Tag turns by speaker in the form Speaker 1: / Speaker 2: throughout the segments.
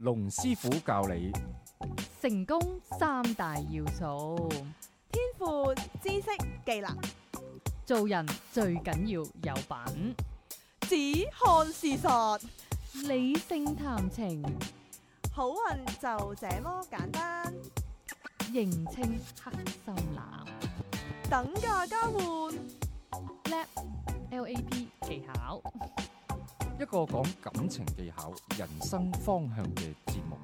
Speaker 1: 龍師傅教你
Speaker 2: 成功三
Speaker 3: 大要素：天賦、知識、技能。做人最緊要有品，只看事實，理性談情。好運就這麼簡單，認清黑心男，等價交換，LAP LAP 技巧。
Speaker 1: 一個講感情技巧、人生方向嘅節目，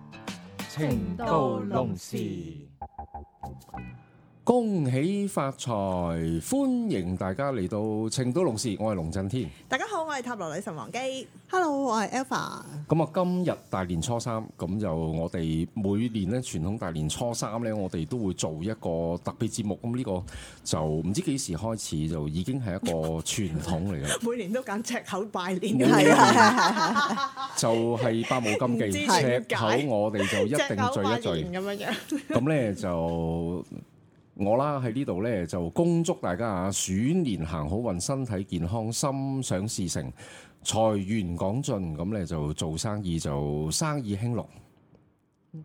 Speaker 1: 《情到濃時》。恭喜發財！歡迎大家嚟到成都龍氏，我係龍震天。
Speaker 3: 大家好，我係塔羅女神王姬。Hello，我係 Alpha。
Speaker 1: 咁啊，今日大年初三，咁就我哋每年咧傳統大年初三咧，我哋都會做一個特別節目。咁呢個就唔知幾時開始，就已經係一個傳統嚟啦。每年
Speaker 3: 都揀赤口拜年係啊，
Speaker 1: 就係百無禁忌。赤口我哋就一定聚一聚。
Speaker 3: 咁樣
Speaker 1: 咁咧就。我啦喺呢度呢，就恭祝大家啊，鼠年行好運，身體健康，心想事成，財源廣進，咁呢，就做生意就生意興隆。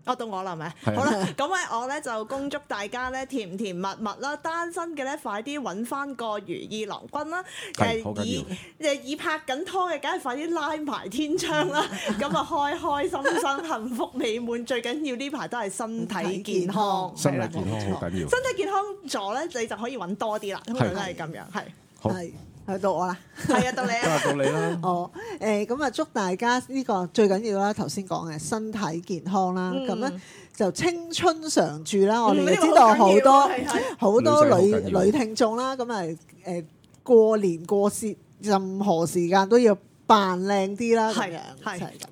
Speaker 3: 哦，到我啦，係咪？好啦，咁咧我咧就恭祝大家咧甜甜蜜蜜啦，單身嘅咧快啲揾翻個如意郎君啦，係以誒已拍緊拖嘅，梗係快啲拉埋天窗啦，咁啊開開心心，幸福美滿，最緊要呢排都係身體健康，
Speaker 1: 身體健康好緊要，身
Speaker 3: 體健康咗咧，你就可以揾多啲啦，咁都係咁樣，係係。去到我啦，
Speaker 2: 係
Speaker 3: 啊，到你啦，加下到你啦。哦，誒，咁啊，祝大家呢個
Speaker 2: 最緊要啦，頭先講嘅身體健康啦，咁咧、嗯、就青春常駐啦。嗯、我哋都知道好多好多女女聽眾啦，咁、嗯、啊，誒、呃，過年過節任何時間都要。扮靚啲啦，係啊，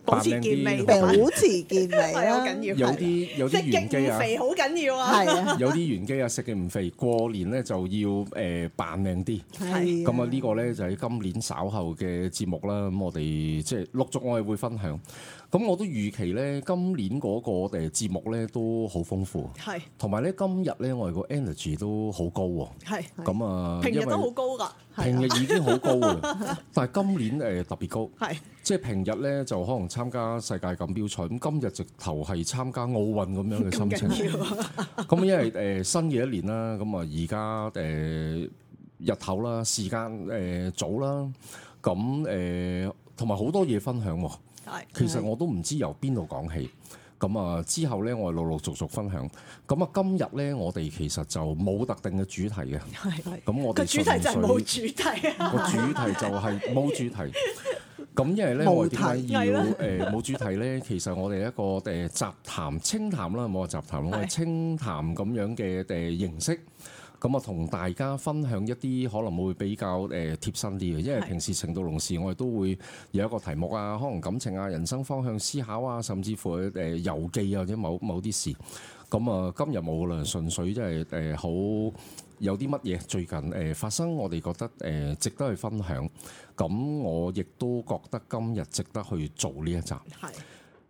Speaker 2: 保持健美，保持健美係啊，有
Speaker 1: 啲些的有啲原機啊，肥
Speaker 2: 好緊要啊，有啲
Speaker 1: 原機啊，食極唔肥，過年咧就要誒、呃、扮靚啲，
Speaker 2: 係咁啊，的個呢
Speaker 1: 個咧就喺、是、今年稍後嘅節目啦，咁我哋即係陸續我哋會分享。咁我都預期咧，今年嗰個誒節目咧都好豐富。係是。同埋咧，今日咧我哋個 energy 都好高喎、哦。係是。咁啊、嗯，平日都好
Speaker 3: 高㗎。因為平日已經好高啦，
Speaker 1: 但係今年誒、呃、特別高。係是。即係平日咧就可能參加世界錦標賽，咁今日直頭係參加奧運咁樣嘅心情。咁 厲 因為誒、呃、新嘅一年啦，咁啊而家誒日頭啦，時間誒、呃、早啦，咁誒同埋好多嘢分享喎、哦。其實我都唔知由邊度講起，咁啊之後咧我係陸陸續續分享，咁啊今日咧我哋其實就冇特定嘅主題嘅，咁的我哋個主，主題就冇主
Speaker 2: 題，個主題就係冇主
Speaker 1: 題。咁因為咧我點解要冇主題咧？其實我哋一個誒雜談、清談啦，冇話雜談，我係的清談咁樣嘅誒形式。咁我同大家分享一啲可能會比較誒貼身啲嘅，因為平時程度龍事我哋都會有一個題目啊，可能感情啊、人生方向思考啊，甚至乎誒遊記啊，呃、或者某某啲事。咁、嗯、啊，今日冇啦，純粹即係誒好有啲乜嘢最近誒、呃、發生，我哋覺得誒、呃、值得去分享。咁我亦都覺得今日值得去做呢一集。係，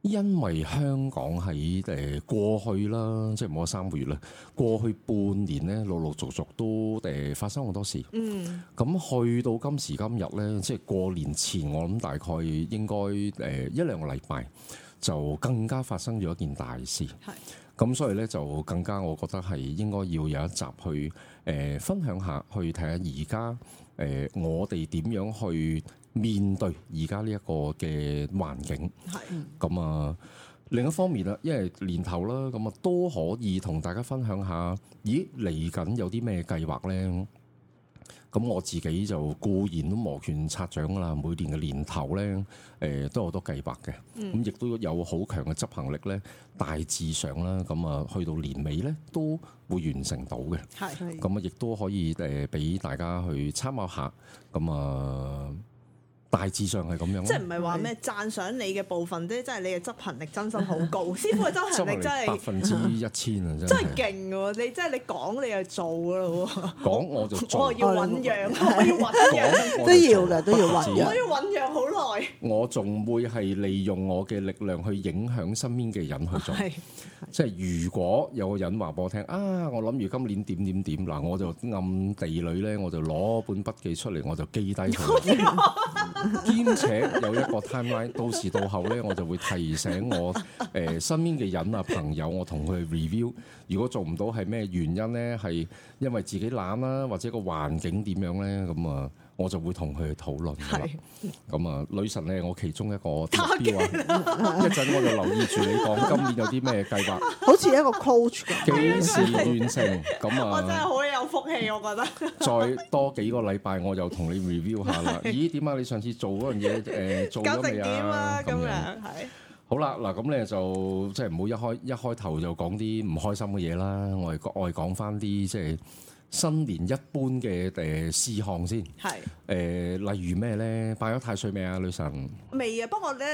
Speaker 1: 因為香港喺誒過去啦，即係冇咗三個月啦，過去半年咧，陸陸續續都誒發生好多事。嗯，咁去到今時今日咧，即係過年前，我諗大概應該誒一兩個禮拜就更加發生咗一件大事。係，咁所以咧就更加我覺得係應該要有一集去誒分享下，去睇下而家。誒、呃，我哋點樣去面對而家呢一個嘅環境？係，咁啊另一方面啦，因為年頭啦，咁啊，都可以同大家分享下，咦，嚟緊有啲咩計劃咧？咁我自己就固然都磨拳擦掌噶啦，每年嘅年頭咧，誒、呃、都有好多計劃嘅，咁亦、嗯、都有好強嘅執行力咧。大致上啦，咁啊去到年尾咧都會完成到嘅。係，咁啊亦都可以誒俾、呃、大家去參考下。咁啊。呃大致上係咁樣，即係唔係話咩
Speaker 3: 讚賞你嘅部分啫，即係你嘅執行力真心好高。 師傅嘅執行力真係百分之一
Speaker 1: 千啊，真係
Speaker 3: 勁嘅喎！ 你即係你講你就做嘅咯，講我就做，要揾人，我要揾人，
Speaker 1: 都要嘅，都要揾人，我要
Speaker 3: 揾人好耐。
Speaker 1: 我仲會係利用我嘅力量去影響身邊嘅人去做。即係如果有個人話畀我聽啊，我諗住今年點點點嗱，我就暗地裏咧，我就攞本筆記出嚟，我就記低佢，兼且 有一個 timeline，到時到後咧，我就會提醒我誒身邊嘅人啊、朋友，我同佢 review，如果做唔到係咩原因咧，係因為自己懶啦，或者個環境點樣咧，咁啊。我就會同佢討論嘅。咁啊是、嗯呃，女神咧，我其中一個目標。
Speaker 3: 一陣我，我就留意住你講今年
Speaker 1: 有啲咩計劃。
Speaker 3: 好似一個 coach。幾時完
Speaker 1: 成？咁、嗯、啊， 真係好
Speaker 3: 有福氣，我覺得。
Speaker 1: 再多幾個禮拜，我就同你 review 下啦。 是咦？點解你上次做嗰、呃、 樣嘢做咗未啊？咁樣係。好啦，嗱咁咧就即係唔好一開一開頭就講啲唔開心嘅嘢啦。我係講我係講翻啲即係。新年一般嘅誒事項先，係誒是、呃、例如咩咧？拜咗太歲未啊，女神？
Speaker 3: 未啊，不過咧，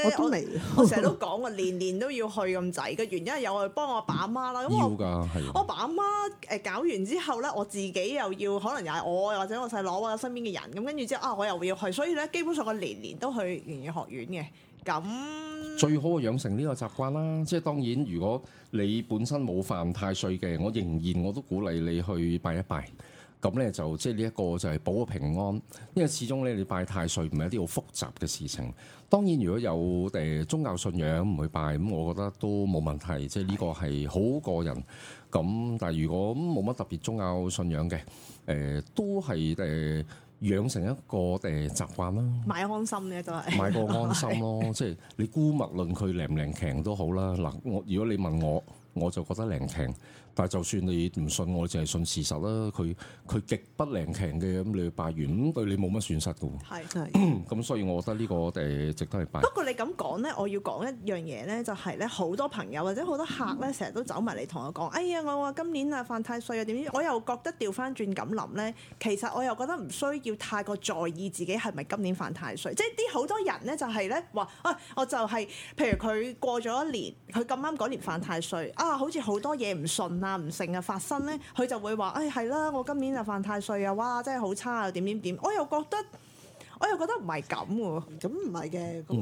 Speaker 3: 我成日都講喎， 年年都要去咁滯嘅原因，有去幫我爸阿媽啦。
Speaker 1: 咁㗎，係。
Speaker 3: 我爸阿媽誒搞完之後咧，我自己又要可能又係我或者我細佬，我身邊嘅人咁，跟住之後啊，我又要去。所以咧，基本上我年年都去圓玄學院嘅。咁
Speaker 1: 最好啊，養成呢個習慣啦。即係當然，如果你本身冇犯太歲嘅，我仍然我都鼓勵你去拜一拜。咁呢，就即係呢一個就係保個平安，因為始終呢，你拜太歲唔係一啲好複雜嘅事情。當然，如果有誒宗教信仰唔去拜，咁我覺得都冇問題。即係呢個係好個人。咁但係如果冇乜特別宗教信仰嘅，誒、呃、都係誒。養成一個誒、呃、習慣啦，
Speaker 3: 買安心咧，都係買個安心咯，
Speaker 1: 即係你姑勿論佢靚唔靚平都好啦。嗱，我如果你問我。我就覺得靈驗，但係就算你唔信我，淨係信事實啦。佢佢極不靈驗嘅，咁你去拜完，咁對你冇乜損失嘅喎。係，咁 所以我覺得呢個誒值得去拜。不
Speaker 3: 過你咁講咧，我要講一樣嘢咧，就係咧好多朋友或者好多客咧，成日都走埋嚟同我講，哎呀，我話今年啊犯太歲啊點點，我又覺得調翻轉咁諗咧，其實我又覺得唔需要太過在意自己係咪今年犯太歲，即係啲好多人咧就係咧話，哦、哎，我就係、是，譬如佢過咗一年，佢咁啱嗰年犯太歲。啊！好似好多嘢唔順啊、唔成啊發生咧，佢就會話：誒係啦，我今年就犯太歲啊！哇，真係好差啊！點點點，我又覺得，我又覺得唔係咁喎，咁唔係嘅，誒、那個。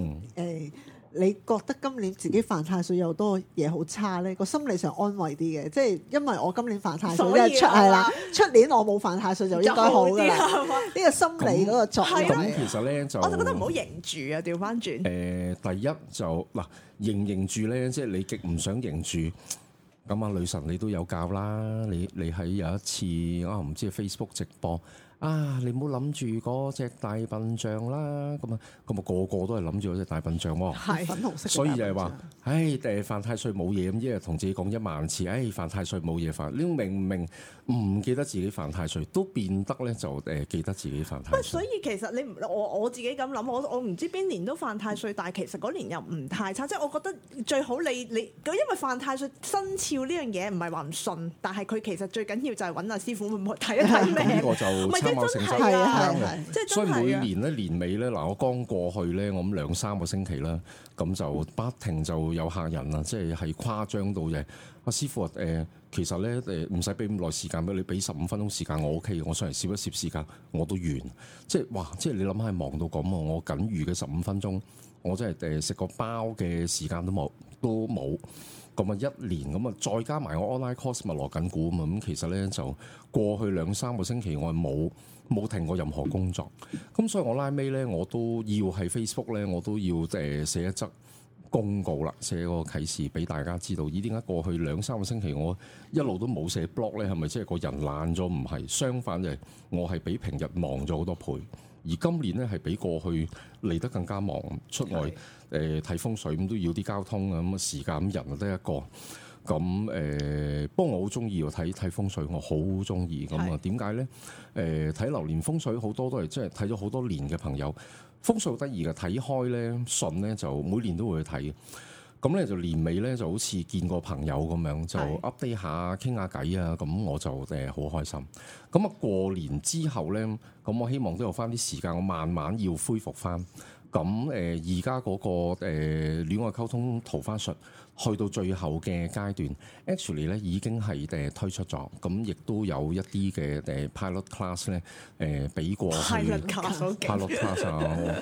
Speaker 3: 欸，嗯。你覺
Speaker 2: 得今年自己犯太歲又多嘢好差咧？個心理上安慰啲嘅，即係因為我今年犯太歲，所以出係啦。出了年我冇犯太歲就應該好噶啦。呢個心理嗰
Speaker 1: 個狀態，咁其實咧，我就覺得唔好認
Speaker 3: 住啊！調翻轉。
Speaker 1: 誒、呃，第一就嗱、啊，認認住咧，即、就、係、是、你極唔想認住。咁啊，女神你都有教啦，你你喺有一次我唔、啊、知 Facebook 直播。啊！你唔好諗住嗰隻大笨象啦，咁啊，咁啊個個都係諗住嗰隻大笨象。係粉紅色嘅大笨象。所以就係話，唉，犯太歲冇嘢咁，一日同自己講一萬次，唉，犯太歲冇嘢犯。你明唔明？唔記得自己犯太歲，都變得咧就誒、呃、記得自己犯太
Speaker 3: 歲。不，所以其實你我我自己咁諗，我我唔知邊年都犯太歲，但係其實嗰年又唔太差。即係我覺得最好你你，因為犯太歲生肖呢樣嘢唔係話唔信，但係佢其實最緊要就係揾阿師傅會唔會睇一睇咩。 呢個就。
Speaker 1: 貿成長啦，係係係，即係所以每年咧年尾咧，嗱我剛過去咧，我諗兩三個星期啦，咁就不停就有客人啦，即係係誇張到嘅。阿師傅話誒、呃，其實咧誒，唔使俾咁耐時間俾你，俾十五分鐘時間我 O K 我上嚟攝一攝時間我都完，即係哇，即係你諗下係忙到咁啊！我僅餘嘅十五分鐘，我真係誒食個包嘅時間都冇，都冇。咁啊一年咁啊，再加埋我 online course 咪落緊股啊嘛，咁其實咧就過去兩三個星期我冇冇停過任何工作，咁所以我拉尾咧我都要喺 Facebook 咧我都要誒寫一則公告啦，寫個啟示俾大家知道，咦點解過去兩三個星期我一路都冇寫 blog 咧，係咪即係個人懶咗？唔係，相反就係我係比平日忙咗好多倍。而今年咧係比過去嚟得更加忙，出外誒睇是的、呃、風水咁都要啲交通啊咁時間咁人得一個，咁誒、呃、不過我好中意喎睇睇風水，我好中意咁啊點解咧？誒睇是的、呃、流年風水好多都係即係睇咗好多年嘅朋友，風水好得意嘅，睇開咧信咧就每年都會去睇。咁咧就年尾咧就好似見個朋友咁樣，就 update 下傾下偈啊！咁我就誒好開心。咁啊過年之後咧，咁我希望都有翻啲時間，我慢慢要恢復翻。咁誒而家嗰個誒、呃、戀愛溝通桃花術去到最後嘅階段，actually 咧已經係誒推出咗，咁亦都有一啲嘅誒 pilot class 咧誒俾過去 pilot class 啊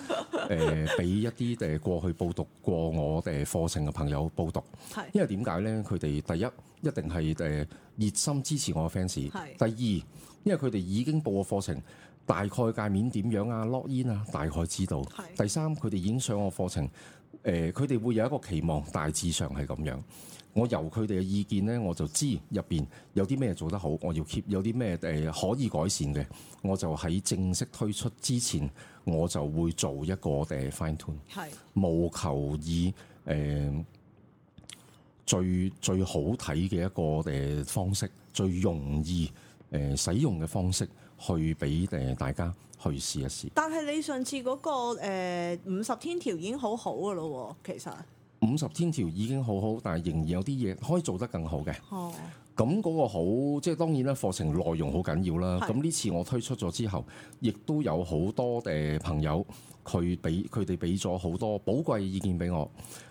Speaker 1: 誒俾、呃、一啲誒過去報讀過我哋課程嘅朋友報讀，係是因為點解咧？佢哋第一一定係誒熱心支持我嘅 fans，係是第二，因為佢哋已經報過課程。大概界面點樣啊？Login 啊，Lock in, 大概知道。是第三，佢哋已經上我課程，誒、呃，佢哋會有一個期望，大致上係咁樣。我由佢哋嘅意見呢，我就知入邊有啲咩做得好，我要 keep；有啲咩誒可以改善嘅，我就喺正式推出之前，我就會做一個誒 fine tune，係是務求以誒、呃、最最好睇嘅一個誒、呃、方式，最容易誒、呃、使用嘅方式。去俾誒大家去試一試。
Speaker 3: 但係你上次嗰個誒五十天條已經好好嘅咯，其實
Speaker 1: 五十天條已經好好，但係仍然有啲嘢可以做得更好嘅。哦，咁嗰個好，即係當然啦，課程內容好緊要啦。咁呢是次我推出咗之後，亦都有好多嘅朋友佢俾佢哋俾咗好多寶貴意見俾我。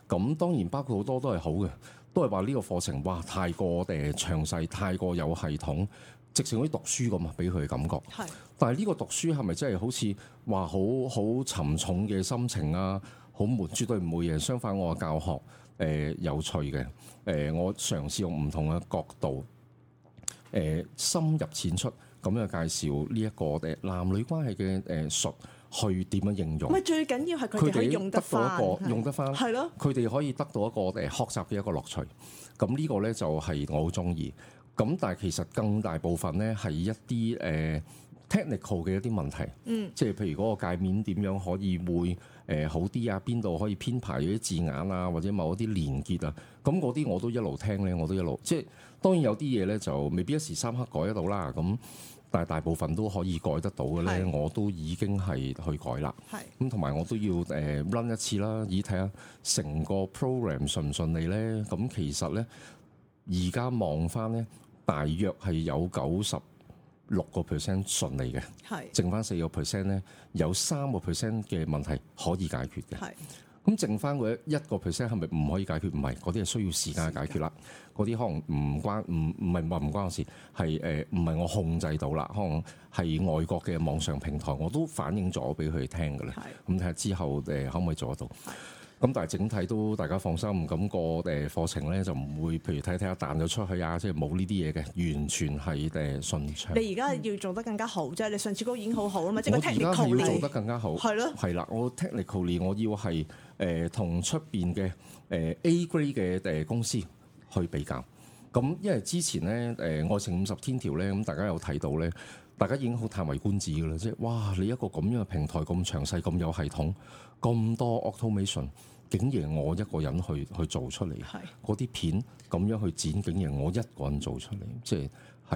Speaker 1: 咁當然包括好多都係好嘅，都係話呢個課程哇，太過誒詳細，太過有系統。直情好似讀書咁啊，俾佢嘅感覺。是但係呢個讀書係咪真係好似話好好沉重嘅心情啊？好悶，絕對唔悶嘅。相反，我嘅教學誒、呃、有趣嘅。誒、呃，我嘗試用唔同嘅角度，誒、呃、深入淺出咁樣介紹呢一個誒男女關係嘅誒、呃、術，去點樣應用？咪
Speaker 3: 最緊要係佢哋用得到一個的用得翻，係咯？
Speaker 1: 佢哋的可以得到一個誒學習嘅一個樂趣。咁呢個咧就係我好中意。咁但係其實更大部分咧係一啲誒、呃、technical 嘅一啲問題，嗯，即係譬如嗰個界面點樣可以會誒好啲啊？邊度可以編排嗰啲字眼啊，或者某一啲連結啊？咁嗰啲我都一路聽咧，我都一路即係當然有啲嘢咧就未必一時三刻改得到啦。咁但係大部分都可以改得到嘅咧，是的 我都已經係去改啦。係咁同埋我都要誒 run 一次啦，以睇下成個 program 順唔順利咧。咁其實咧而家望翻咧。大約係有九十六個 percent 順利嘅，係是剩翻四個 percent 咧，有三個 percent 嘅問題可以解決嘅，係咁是剩翻一個 percent 係咪唔可以解決？唔係，嗰啲係需要時間解決啦。嗰啲間可能唔關，唔唔係話唔關我事，係誒唔係我控制到啦，可能係外國嘅網上平台，我都反映咗俾佢哋聽㗎啦。係咁睇下之後誒可唔可以做得到。咁但係整體都大家放心，咁個誒課程咧就唔會，譬如睇睇下彈咗出去啊，即係冇呢啲嘢嘅，完全係誒順暢。你而家
Speaker 3: 要做得更加好即啫，嗯、你上次嗰個已經好好啦嘛，即係 technically 做得更
Speaker 1: 加好，係咯的，係啦，我 technically 我要係誒同出邊嘅誒 A grade 嘅誒公司去比較。咁因為之前咧誒、呃《愛情五十天條》呢咧，咁大家有睇到咧，大家已經好歎為觀止噶啦，即係哇！你一個咁樣嘅平台，咁詳細，咁有系統。咁多 automation，竟然我一個人去去做出嚟，嗰啲是片咁樣去剪，竟然我一個人做出嚟，即係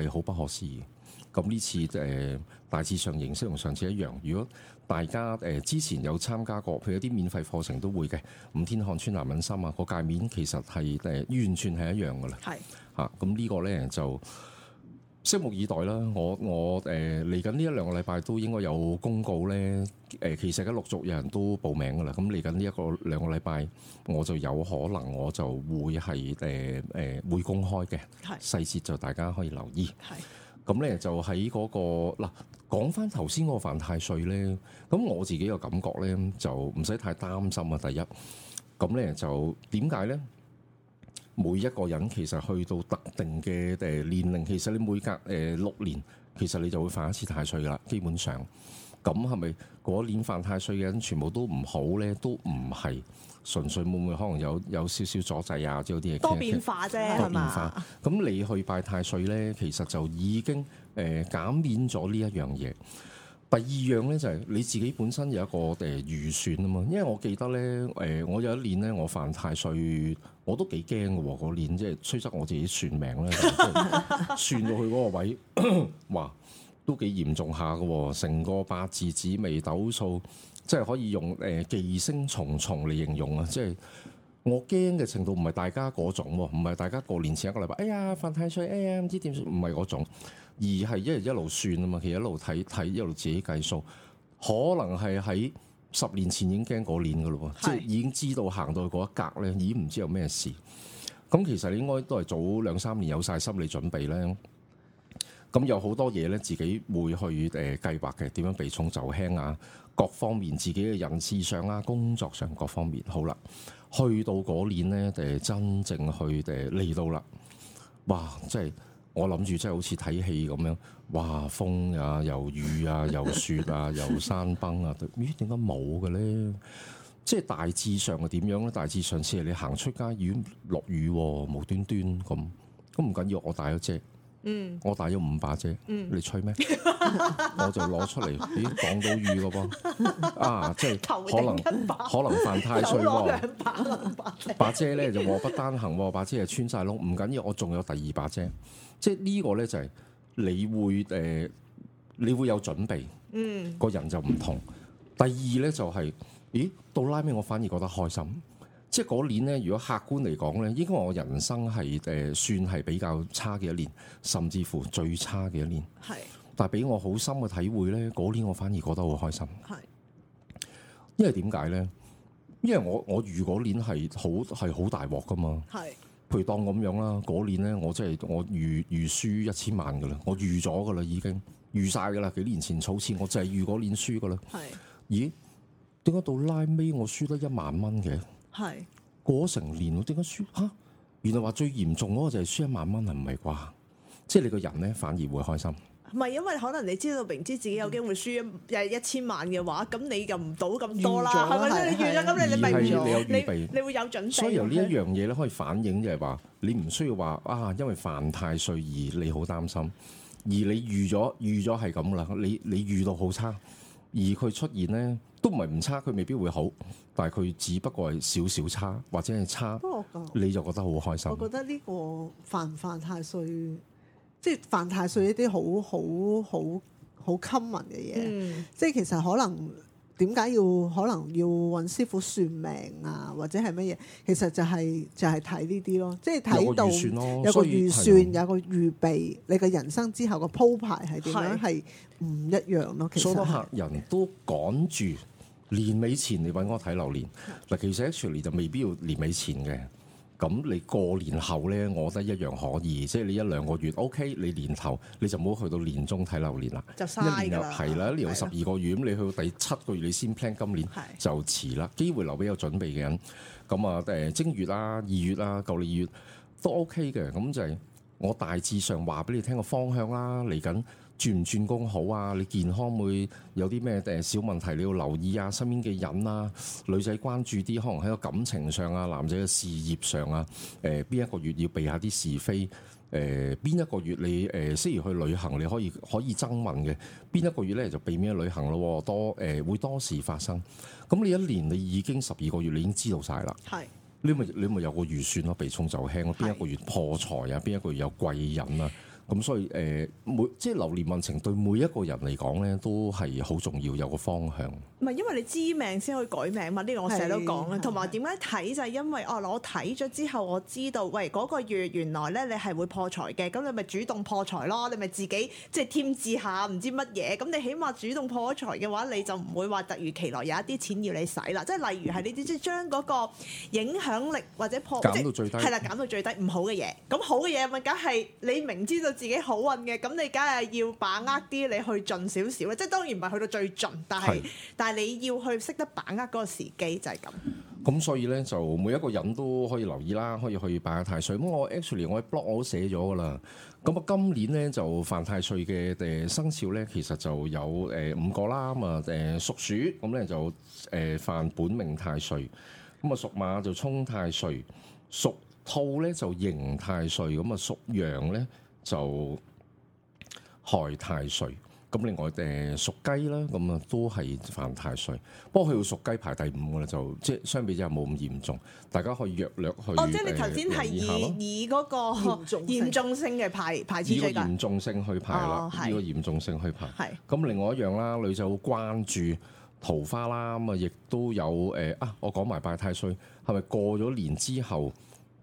Speaker 1: 係好不可思議，咁呢次誒、呃、大致上形式同上次一樣，如果大家誒、呃、之前有參加過譬如一啲免費課程都會嘅，五天看穿男人心啊，個界面其實係誒、呃、完全係一樣嘅啦。係吓是，咁、啊、呢個咧就。拭目以待啦！我我誒嚟緊呢一兩個禮拜都應該有公告咧。誒，其實而家陸續有人都報名噶啦。咁嚟緊呢一個兩個禮拜，我就有可能我就會係誒誒會公開嘅細節，就大家可以留意。係咁咧，就喺嗰個嗱，講翻頭先個犯太歲咧。咁我自己嘅感覺咧，就唔使太擔心啊。第一，咁咧就點解咧？每一個人其實去到特定嘅誒年齡，其實你每隔誒六年，其實你就會犯一次太歲㗎喇，基本上。咁係咪嗰年犯太歲嘅人全部都唔好咧？都唔係，純粹冇冇可能有有少少阻滯啊之類啲嘢。多變化啫，係嘛？咁吧你去拜太歲咧，其實就已經誒減免咗呢一樣嘢。第二樣咧就係、是、你自己本身有一個誒、呃、預算啊嘛，因為我記得咧誒、呃，我有一年咧我犯太歲，我都幾驚嘅喎嗰年，即係雖則我自己算命咧， 算到去嗰個位， 哇，都幾嚴重下嘅喎、哦，成個八字紫微斗數，即係可以用誒忌星重重嚟形容啊，即係我驚嘅程度唔係大家嗰種喎、哦，唔係大家過年前一個禮拜，哎呀犯太歲，哎呀唔知點算，唔係嗰種。而係一日一路算啊嘛，其實一路睇睇一路自己計數，可能係喺十年前已經驚嗰年噶咯，的即係已經知道行到去嗰一格咧，已經唔知有咩事。咁其實應該都係早兩三年有晒心理準備咧。咁有好多嘢咧，自己會去誒計劃嘅，點樣避重就輕啊？各方面自己嘅人事上啊，工作上各方面，好啦，去到嗰年咧，就真正去誒嚟到啦。哇！即係。我諗住真係好似睇戲咁樣，哇風啊，又雨啊，又雪啊，又山崩啊，咦？點解冇嘅咧？即係大致上係點樣咧？大致上次係你行出街，如果落雨，無端端咁，咁唔緊要，我帶咗遮，嗯，我帶咗五把遮，你吹咩？我就攞出嚟。咦？擋到雨嘅噃，啊，即係可能可能犯太歲喎，
Speaker 2: 把遮咧就禍不單
Speaker 1: 行，把遮係穿晒窿，唔緊要，我仲有第二把遮。即係呢個咧就係你會誒、呃、你會有準備，嗯，個人就唔同。第二咧就係、是，咦，到拉尾我反而覺得開心。即係嗰年咧，如果客觀嚟講咧，應該我人生係誒、呃、算係比較差嘅一年，甚至乎最差嘅一年。係是。但係俾我好深嘅體會咧，嗰年我反而覺得好開心。係是。因為點解咧？因為我我遇嗰年係好係好大鑊噶嘛。係。佢當咁樣啦，嗰年咧，我真係我預預輸一千萬噶啦，我預咗噶啦，已經預晒噶啦，幾年前儲錢我就係預嗰年輸噶啦。係，咦？點解到拉尾我輸得一萬蚊嘅？係，過成年，點解輸？吓，原來話最嚴重嗰個就係輸一萬蚊，係唔係啩？即係你個人咧反而會開心。
Speaker 3: 唔係，因為可能你知道明知自己有機會輸誒一千萬嘅話，咁你就唔賭到咁多啦，係咪先？你預咗咁，你你咪預咗，你你會有準備。所以由呢
Speaker 1: 一樣嘢咧，可以反映就係話，你唔需要話啊，因為犯太歲而你好擔心。而你預咗預咗係咁啦，你你預到好差，而佢出現呢都唔係唔差，佢未必會好，但係佢只不過係少少差或者係差，不過我你就覺得好開心。我覺
Speaker 2: 得呢個犯唔犯太歲？即係犯太歲呢啲好好好好 common 嘅嘢，嗯、即係其實可能點解要可能要揾師傅算命啊，或者係乜嘢？其實就係、是、就係睇呢啲咯，即係睇到有個預算,算，以有個預備，以你嘅人生之後個鋪排係點樣係唔是一樣咯。其實好多客
Speaker 1: 人都趕住年尾前你揾我睇流年，嗱、嗯、其實 actually 就未必要年尾前嘅。咁你過年後呢，我覺得一樣可以，即係你一兩個月 OK 你。你年頭你就唔好去到年中睇流年啦，就一年又係啦，有十二個月，咁你去到第七個月你先 plan 今年了就遲啦，機會留俾有準備嘅人。咁啊誒，正月啦、二月啦、舊年二月都 OK 嘅，咁就係我大致上話俾你聽個方向啦，嚟緊。轉唔轉工好啊？你健康會有啲咩，誒小問題？你要留意啊！身邊嘅人啊，女仔關注啲，可能喺個感情上啊，男仔嘅事業上啊，誒、呃，邊一個月要避下啲是非？誒、呃，邊一個月你誒，呃、適宜去旅行，你可以可以增運嘅，邊一個月咧就避免去旅行咯、啊，多誒、呃、會多事發生。咁你一年你已經十二個月，你已經知道晒啦。係是，你咪你咪有個預算咯、啊，避重就輕咯。邊一個月破財啊？邊一個月有貴人啊？咁所以誒，每、呃、即係流年運程對每一個人嚟講咧，都係好重要，有個方向。
Speaker 3: 唔係，因為你知命先可以改命嘛？呢、這個我成日都講啦。同埋點解睇就係因為哦，我睇咗之後，我知道喂嗰、那個月原來咧你係會破財嘅，咁你咪主動破財咯？你咪自己即係、就是、添置下唔知乜嘢？咁你起碼主動破咗財嘅話，你就唔會話突如其來有一啲錢要你使啦。即係例如係你即係將嗰個影響力或者破即係減到最低，係啦，減到最低唔好嘅嘢。咁好嘅嘢咪梗係你明知道。自己好運嘅，咁你梗係要把握啲，你去盡少少咧。即係當然唔係去到最盡，但係的但係你要去識得把握嗰個時機就係咁。
Speaker 1: 咁所以咧，就每一個人都可以留意啦，可以去拜太歲。咁我 actually 我喺 blog 我都寫咗噶啦。咁啊，今年咧就犯太歲嘅誒生肖咧，其實就有誒五個啦。咁啊誒屬鼠，咁咧就誒犯本命太歲；咁啊屬馬就衝太歲，屬兔咧就刑太歲；咁啊屬羊咧，就害太歲，咁另外誒，屬、呃、雞啦，咁啊都係犯太歲。不過佢要屬雞排第五嘅啦，就即係相比之下冇咁嚴重。大家可以略略去哦。呃、即係你頭先係以、呃、以
Speaker 3: 嗰個嚴重性嘅排排次序嚴
Speaker 1: 重性去排啦，依個嚴重性去排。係、哦。咁是另外一樣啦，女仔好關注桃花啦，咁啊亦都有誒啊！我講埋拜太歲係咪過咗年之後，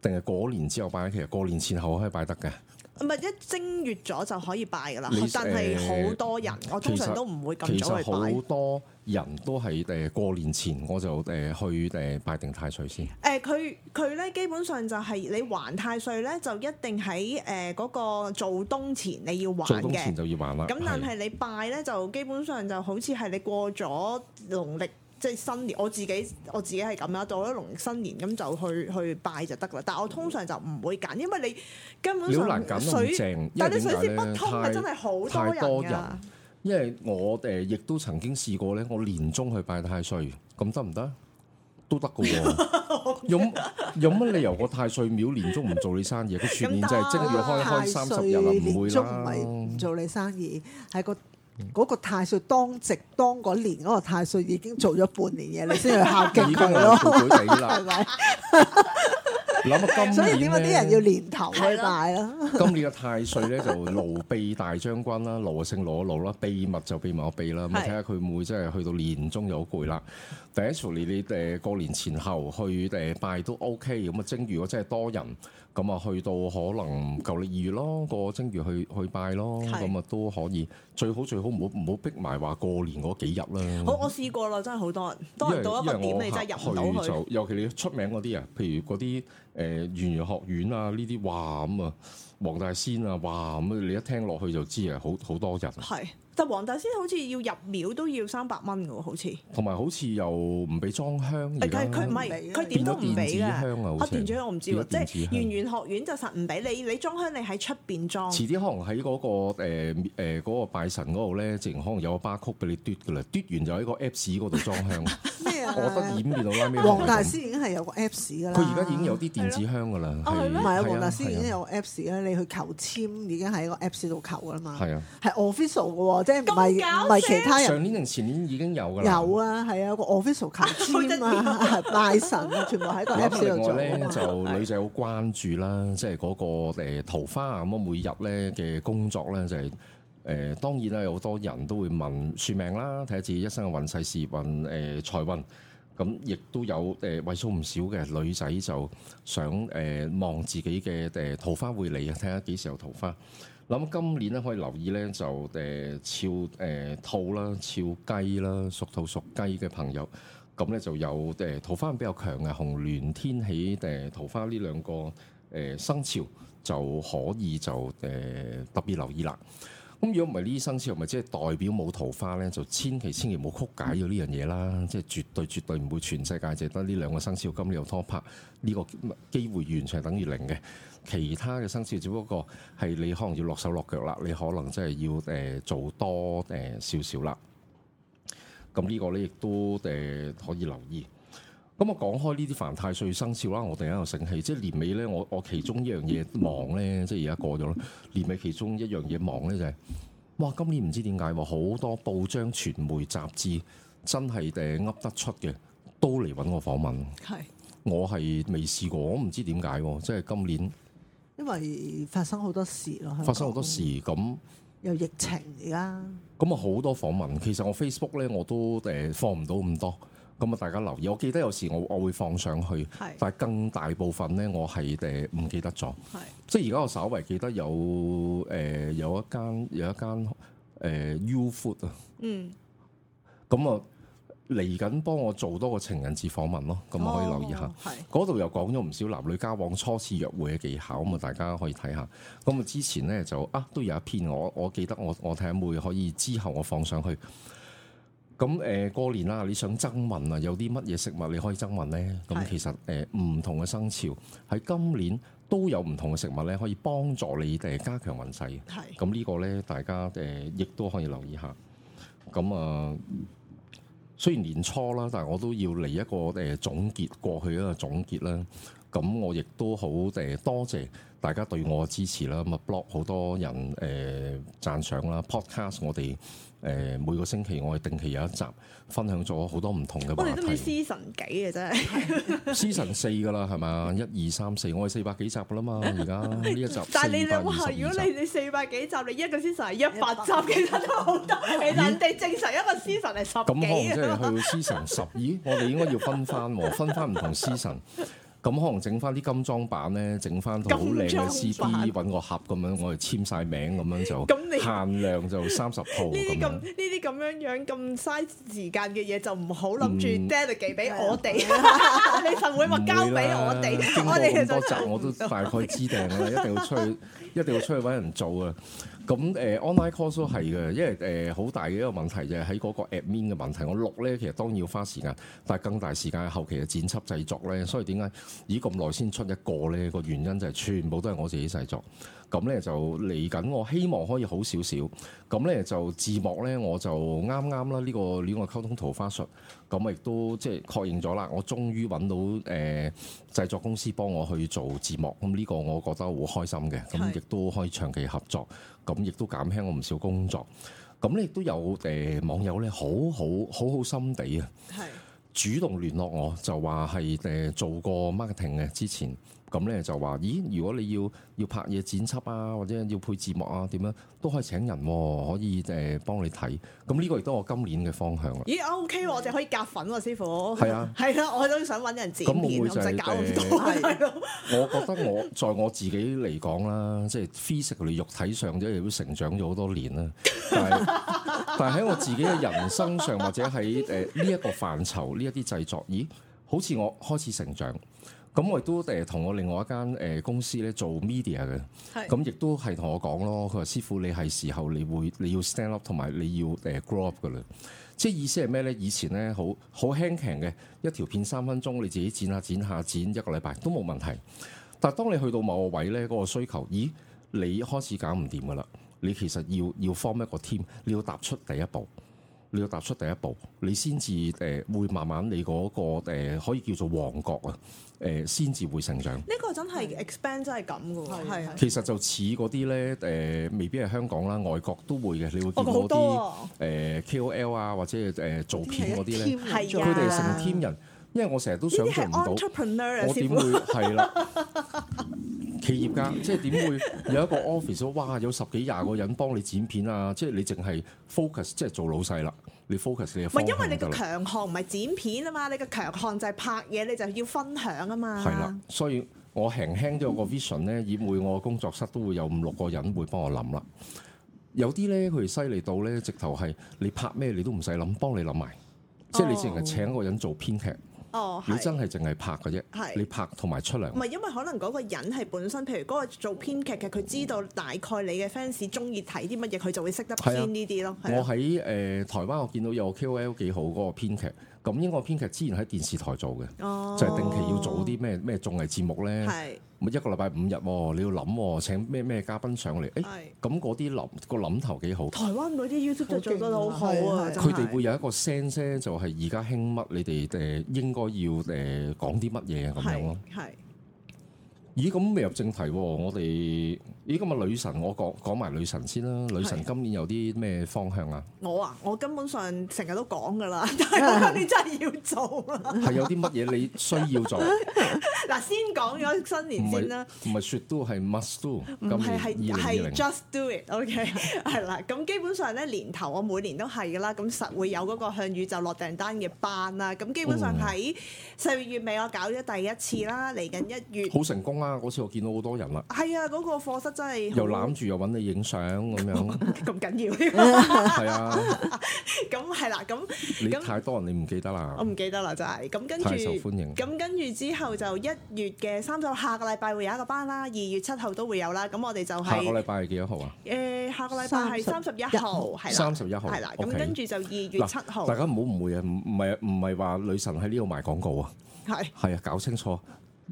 Speaker 1: 定係過，過年之後拜？其實過年前後可以拜得嘅。
Speaker 3: 唔係一正月咗就可以拜噶啦，你但係好多人，實我通常都唔會咁早去拜。其實好
Speaker 1: 多人都係誒過年前我就誒去誒拜定太歲先。
Speaker 3: 誒佢佢咧基本上就係你還太歲咧就一定喺誒嗰個做冬前你要還嘅。做冬前就要還啦。咁但係你拜咧是就基本上就好似係你過咗農曆，即係新年，我自己我自己係咁樣，到咗農曆新年咁就去去拜就得啦。但係我通常就唔會揀，因為你根本好難揀，但係你水泄不通係真係好多，多人。
Speaker 1: 因為我哋亦、呃、都曾經試過咧，我年中去拜太歲，咁得唔得？都得噶喎。有有乜理由？我太歲廟年中唔做你生意？佢 全年就係正月要開開三十日啦，唔會啦，唔
Speaker 2: 做你生意係個。.嗰個太歲當值當嗰年，嗰個太歲已經做咗半年嘢， 你先去孝敬佢咯，係咪？諗啊 今
Speaker 1: 年所以點解啲人要
Speaker 2: 年頭去拜啦。的今
Speaker 1: 年嘅太歲咧就盧秘大將軍啦，盧姓一盧啦，秘密就秘密個秘啦。咁睇下佢會唔會真係去到年中有好攰啦。的第一條你哋誒過年前後去誒拜都 OK，咁啊，即如果真係多人。咁啊，去到可能舊曆二月咯，過正月去去拜咯，咁啊是都可以。最好最好唔好唔好逼埋話過年嗰幾日啦。我
Speaker 3: 我試過啦，真係好多人，多人到一個點你真係入唔到去。
Speaker 1: 尤其你出名嗰啲啊，譬如嗰啲誒圓玄學院啊呢啲，哇咁啊，黃、嗯、大仙啊，哇咁、嗯、你一聽落去就知啊，好好多人。係。
Speaker 3: 但係黃大仙好似要入廟都要三百蚊㗎喎，好似。
Speaker 1: 同埋好似又唔俾裝香而家。但係佢唔係，佢點都唔俾㗎。變咗電子香啊！我電子香我唔知喎，即係圓
Speaker 3: 圓學院就實唔俾你，你裝香你喺出邊裝。遲
Speaker 1: 啲可能喺嗰、嗰個誒誒、呃呃嗰個、拜神嗰度咧，直然可能有個巴曲俾你嘟㗎啦，嘟完就喺個 Apps 嗰度裝香。 我得掩面到啦咩？黃大仙
Speaker 2: 已經係有個 Apps 㗎喇。佢而家已經有啲
Speaker 1: 電子香㗎喇，係唔係啊？黃大仙已經有
Speaker 2: 個 Apps 咧，你去求籤已經喺個 Apps 度求㗎喇嘛。係啊，係 official 嘅喎，即係唔係唔係其他人。上
Speaker 1: 年定前年已經有㗎喇。有
Speaker 2: 啊，係啊有個 official 求籤啊拜神啊，全部喺個 Apps 度做。有咧就
Speaker 1: 女仔好關注啦，即係嗰個桃花咁啊，每日咧嘅工作咧就係。誒、呃、當然啦，有好多人都會問算命啦，睇下自己一生嘅運勢、事業運、誒、呃、財運。咁亦都有誒，為、呃、數唔少嘅女仔就想誒、呃、望自己嘅誒、呃、桃花會嚟啊，睇下幾時有桃花。咁今年咧可以留意咧就誒，肖誒兔啦，肖、呃啊、雞啦，屬兔屬雞嘅朋友咁咧就有誒、呃、桃花比較強嘅紅鸞天喜誒、呃、桃花呢兩個誒、呃、生肖就可以就誒、呃、特別留意啦。咁如果唔係呢啲生肖，係咪即係代表冇桃花咧？就千祈千祈唔好曲解咗呢樣嘢啦。嗯、即係絕對絕對唔會全世界淨得呢兩個生肖，咁你有拖拍呢個機會完全係等於零嘅。其他嘅生肖只不過係你可能要落手落腳啦，你可能真係要誒、呃、做多誒、呃、少少啦。咁呢個咧亦都誒可以留意。咁我講開呢啲犯太歲生肖啦，我突然間又醒起，即係年尾咧，我我其中一樣嘢忙咧，即係而家過咗咯。年尾其中一樣嘢忙咧就係、是，哇！今年唔知點解喎，好多報章、傳媒、雜誌真係誒噏得出嘅，都嚟揾我訪問。係是，我係未試過，我唔知點解喎，即係今年，
Speaker 2: 因為發生好多事咯，發生好
Speaker 1: 多事，咁
Speaker 2: 又疫情而家，
Speaker 1: 咁啊好多訪問。其實我 Facebook 咧我都誒放唔到咁多。咁啊，大家留意。我記得有時我我會放上去，是但係更大部分咧，我係誒唔記得咗。係是即係而家我稍為記得有誒、呃、有一間有一間誒 U Food 啊。嗯。咁啊，嚟緊幫我做多個情人節訪問咯。咁啊，可以留意下。係、哦。嗰度又講咗唔少男女交往初次約會嘅技巧啊嘛，大家可以睇下。咁啊，之前咧就啊都有一篇，我我記得我我睇下妹妹可以之後我放上去。咁誒、呃、過年啦，你想增運啊？有啲乜嘢食物你可以增運咧？咁是其實誒唔、呃、同嘅生肖喺今年都有唔同嘅食物咧，可以幫助你哋加強運勢。係咁是呢個咧，大家誒、呃、亦都可以留意下。咁啊、呃，雖然年初啦，但係我都要嚟一個誒總結，過去一個總結啦。咁我亦都好誒多謝大家對我嘅支持啦。咁啊 blog 好多人誒、呃、讚賞啦，podcast 我哋。誒，每個星期我哋定期有一集分享咗好多唔同嘅話題。我哋都咩？獅
Speaker 3: 神幾嘅真係
Speaker 1: 獅神四噶啦，係 嘛？一二三四，我係四百幾集噶啦嘛。而家呢一集，集，但係你諗下，如果你你
Speaker 3: 四百幾集，你一個獅神係一百集，其實都好多。咦其實人哋正常一個獅神係十咁可能即係去
Speaker 1: 到獅神十二，我哋應該要分翻，分翻唔同獅神。咁可能整翻啲金裝版咧，整翻套好靚嘅 CD，揾個盒咁樣，我哋簽晒名咁樣，就限量就三十套咁。呢啲咁
Speaker 3: 呢啲咁樣樣咁嘥時間嘅嘢，就唔好諗住 delegate 俾我哋。你陳、嗯、
Speaker 1: 會話交俾我哋，我哋 多集 我，想想我都大概知定啦， 一定要出去，一定要出去揾人做啊！咁誒、呃、online course 都係嘅，因為誒好、呃、大嘅一個問題就係喺嗰個 admin 嘅問題。我錄咧，其實當然要花時間，但係更大時間係後期嘅剪輯製作咧。所以點解咦咁耐先出一個咧？個原因就係全部都係我自己製作。咁咧就嚟緊，我希望可以好少少。咁咧就字幕咧，我就啱啱啦。呢個戀愛溝通桃花術，咁亦都即係確認咗啦。我終於揾到誒、呃、製作公司幫我去做字幕。咁呢個我覺得好開心嘅。咁亦都可以長期合作。咁亦都減輕我唔少工作，咁咧亦都有誒、呃、網友咧好好好好心地啊，是主動聯絡我，就話係誒做過 marketing 嘅之前。咁咧就話，咦？如果你要要拍嘢剪輯啊，或者要配字幕啊，點樣都可以請人、哦，可以誒幫、呃、你睇。咁呢個亦都我今年嘅方向啦。
Speaker 3: 咦？O、okay, K，的我哋可以夾粉喎、啊，師傅。係啊的，係啊，我都想揾人剪片，會就是、唔使搞咁多。係咯、呃，
Speaker 1: 的我覺得我在我自己嚟講啦，即、就、係、是、physical 嘅肉體上，即係都成長咗好多年啦。 但係但係喺我自己嘅人生上，或者喺誒呢一個範疇，呢一啲製作，咦？好似我開始成長。咁我亦都誒同我另外一間誒公司咧做 media 嘅，咁亦都係同我講咯，佢話師傅你係時候你會你要 stand up 同埋你要誒 grow up 嘅啦，即係意思係咩咧？以前咧好好輕便嘅一條片，三分鐘，你自己剪下剪下剪下剪一個禮拜都冇問題，但係當你去到某個位咧，嗰個需求，咦你開始搞唔掂㗎啦，你其實要要 form 一個 team，你要踏出第一步。你要踏出第一步，你先至誒會慢慢你嗰個可以叫做王國，啊誒，先至會成長。
Speaker 3: 呢個真係 expand 真係咁嘅喎，係啊，其
Speaker 1: 實就似嗰啲咧誒，未必係香港啦，外國都會嘅，你會見到啲誒 KOL 啊，或者誒做片嗰啲咧，佢哋成 team 人，因為我成日都想像唔到，
Speaker 3: 啊、我點會係啦。傅了
Speaker 1: 企業家即係點會有一個 office？哇！有十幾廿個人幫你剪片啊！即係你淨係 focus，即係做老細啦。你 focus 你嘅分享啦。唔係因為你個強
Speaker 3: 項唔係剪片啊嘛，你個強項就係拍嘢，你就要分享啊嘛。係啦，
Speaker 1: 所以我輕輕都有個 vision 咧，染會我工作室都會有五六個人會幫我諗啦。有啲咧佢哋犀利到咧，直頭係你拍咩你都唔使諗，幫你諗埋。
Speaker 3: 即係你淨係請個
Speaker 1: 人做編劇。你、哦、真係淨係拍嘅啫，的你拍同埋出糧。唔係
Speaker 3: 因為可能嗰個人係本身，譬如嗰個做編劇嘅，佢知道大概你嘅 fans 中意睇啲乜嘢，佢就會識得編呢啲咯。我喺
Speaker 1: 誒、呃、台灣，我見到有個 KOL 幾好嗰個編劇。咁英國編劇之前喺電視台做嘅，哦、就係定期要做啲咩咩綜藝節目咧，咪是一個禮拜五日、哦，你要諗、哦，請咩咩嘉賓上嚟，誒、哎，咁嗰啲諗個諗頭幾好。台
Speaker 3: 灣嗰啲 YouTube 做得好好啊，佢哋、啊、
Speaker 1: 會有一個 sense 咧，就係而家興乜，你哋誒應該要誒講啲乜嘢咁樣咯。
Speaker 3: 係，
Speaker 1: 咦，咁未入正題，我哋。咦，咁啊女神，我講講埋女神先啦。女神今年有啲咩方向啊？
Speaker 3: 我啊，我根本上成日都講噶啦，但係今年真係要做啦。係有啲
Speaker 1: 乜嘢你需要做？
Speaker 3: 嗱，先講咗新年先啦。
Speaker 1: 唔係 should do，係 must do，唔係，係係 just
Speaker 3: do it。OK，係啦。咁基本上咧，年頭我每年都係噶啦。咁實會有嗰個向宇宙落訂單嘅班啦。咁基本上喺四月尾我搞咗第一次啦，嚟緊一月。好
Speaker 1: 成功啊！嗰次我見到好多人啦。
Speaker 3: 係啊，嗰個課室。又攬
Speaker 1: 住又搵你影相咁樣，
Speaker 3: 咁緊要？係啊，咁係啦，咁你
Speaker 1: 太多人你唔記得啦，我唔
Speaker 3: 記得啦就係。咁跟住，咁跟住之後就一月嘅三十號下個禮拜會有一個班啦，二月七號都會有啦。咁我哋就係下個禮拜係幾多號啊？誒，下個禮拜係三十一號，係三十一號，係啦。咁跟住就二月七號。大家
Speaker 1: 唔好誤會啊，唔，唔係唔係話女神喺呢度賣廣告啊，係係啊，搞清楚。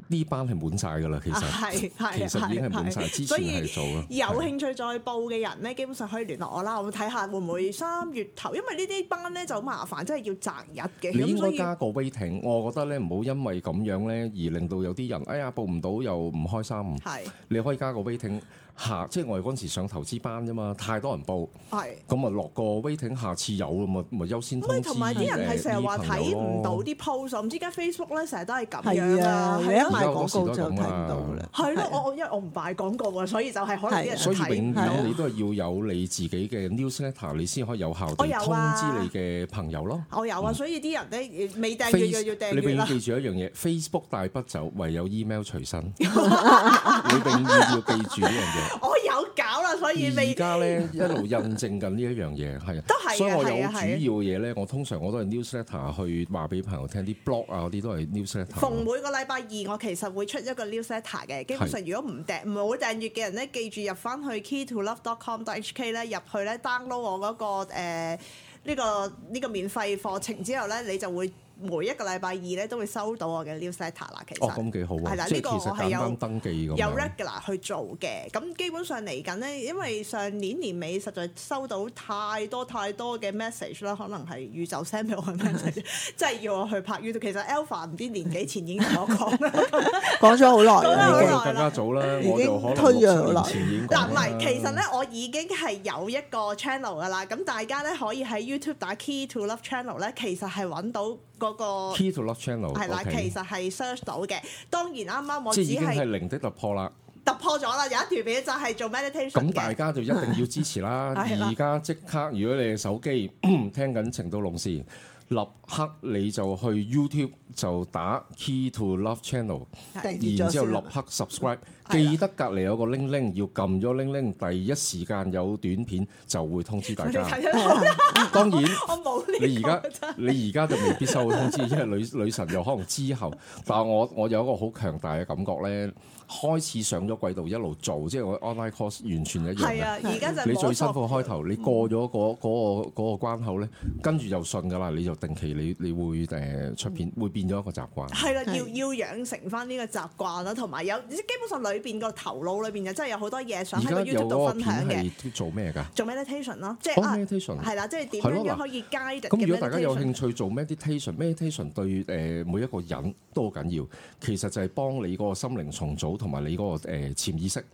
Speaker 1: 呢班係滿晒㗎啦，其實係係係，其實已經係滿晒，之前係做啦，所以有興
Speaker 3: 趣再報嘅人咧，基本上可以聯絡我啦。我睇下會唔會三月頭，因為呢啲班咧就好麻煩，即係要擇日嘅。你應該所以加個
Speaker 1: waiting，我覺得咧唔好因為咁樣咧而令到有啲人哎呀報唔到又唔開心。係是你可以加個 waiting，下即係我哋嗰陣時上投資班啫嘛，太多人報，係咁啊落個 waiting，下次有咁嘛，咪優先。同埋啲人係成日話睇唔到啲
Speaker 3: post，唔知而家 Facebook 咧成日都係咁樣啊，係啊嗎。廣告就睇唔到
Speaker 1: 啦，係咯，我
Speaker 3: 我因為我唔擺廣告嘅，所以就係可能啲人。所以永遠你
Speaker 1: 都係要有你自己嘅 newsletter，你先可以有效通知你嘅朋友咯。我
Speaker 3: 有啊，所以啲人咧未訂，要要訂啦。你永遠記
Speaker 1: 住一樣嘢，Facebook 帶不走，唯有 email 隨身。你永遠要記住呢樣嘢。
Speaker 3: 好搞啦，所以你而家咧一路
Speaker 1: 印證緊呢一樣嘢，係啊 的，所以我有主要嘅嘢咧， 我通常我都係 newsletter 去話俾朋友聽，啲 blog 啊嗰啲都係 newsletter。逢
Speaker 3: 每個禮拜二，我其實會出一個 newsletter 嘅，是的 基本上如果唔訂唔會訂閱嘅人咧，記住入翻去 keytolove.com.hk 咧，入去咧 download 我嗰、嗰個呢、呃呢個呢、呢個免費課程之後咧，你就會。每一個禮拜二咧都會收到我嘅 newsletter 啦，其實哦，咁
Speaker 1: 幾好啊，係啦對，呢即是 個我係有登記有
Speaker 3: regular 去做嘅。咁基本上嚟緊咧，因為上年年尾實在收到太多太多嘅 message 啦，可能係宇宙 send 俾我嘅 message，即係要我去拍 YouTube。其實 Alpha 唔知年幾前已經同我講啦， 講咗好耐， 更加早啦，已經推咗好耐。嗱，唔係，其實咧，我已經係有一個 channel 噶啦。咁大家咧可以喺 YouTube 打 key to love channel 咧，其實係揾到。嗰、那個 key to
Speaker 1: lock channel 係啦了，Okay. 其實
Speaker 3: 係 search 到嘅。當然啱啱我已經係
Speaker 1: 零的突破啦，
Speaker 3: 突破咗啦。有一條片就係做 meditation。咁大
Speaker 1: 家就一定要支持啦。而家即刻，如果你嘅手機聽緊《情到濃時》。 立刻你就去 YouTube 就打 Key to Love Channel，的然之後立刻 subscribe，的記得隔籬有個鈴鈴要撳咗鈴鈴，第一時間有短片就會通知大家。的當然， 這
Speaker 3: 個、你而家，
Speaker 1: 你而家就未必收到通知，因為女女神又可能之後，但我我有一個好強大嘅感覺咧。開始上咗軌道，一路做，即係我 online course 完全一樣嘅。係啊，而家就你最辛苦開頭，你過咗嗰嗰個嗰個關口咧，跟住就順㗎啦。你就定期，你你會誒出片會變咗一個習慣。係啦，要
Speaker 3: 要養成翻呢個習慣啦，同埋有即係基本上裏邊個頭腦裏邊嘅，即係有好多嘢想喺個 YouTube 分享嘅。
Speaker 1: 而家有個平台
Speaker 3: 做咩㗎？做 meditation
Speaker 1: 咯，即係啊，係啦，即係點樣可以
Speaker 3: guide 咁樣？咁如果大家有興
Speaker 1: 趣做 meditation，meditation 對誒每一個人都好緊要，其實就係幫你個心靈重組。同埋你嗰個誒潛意識。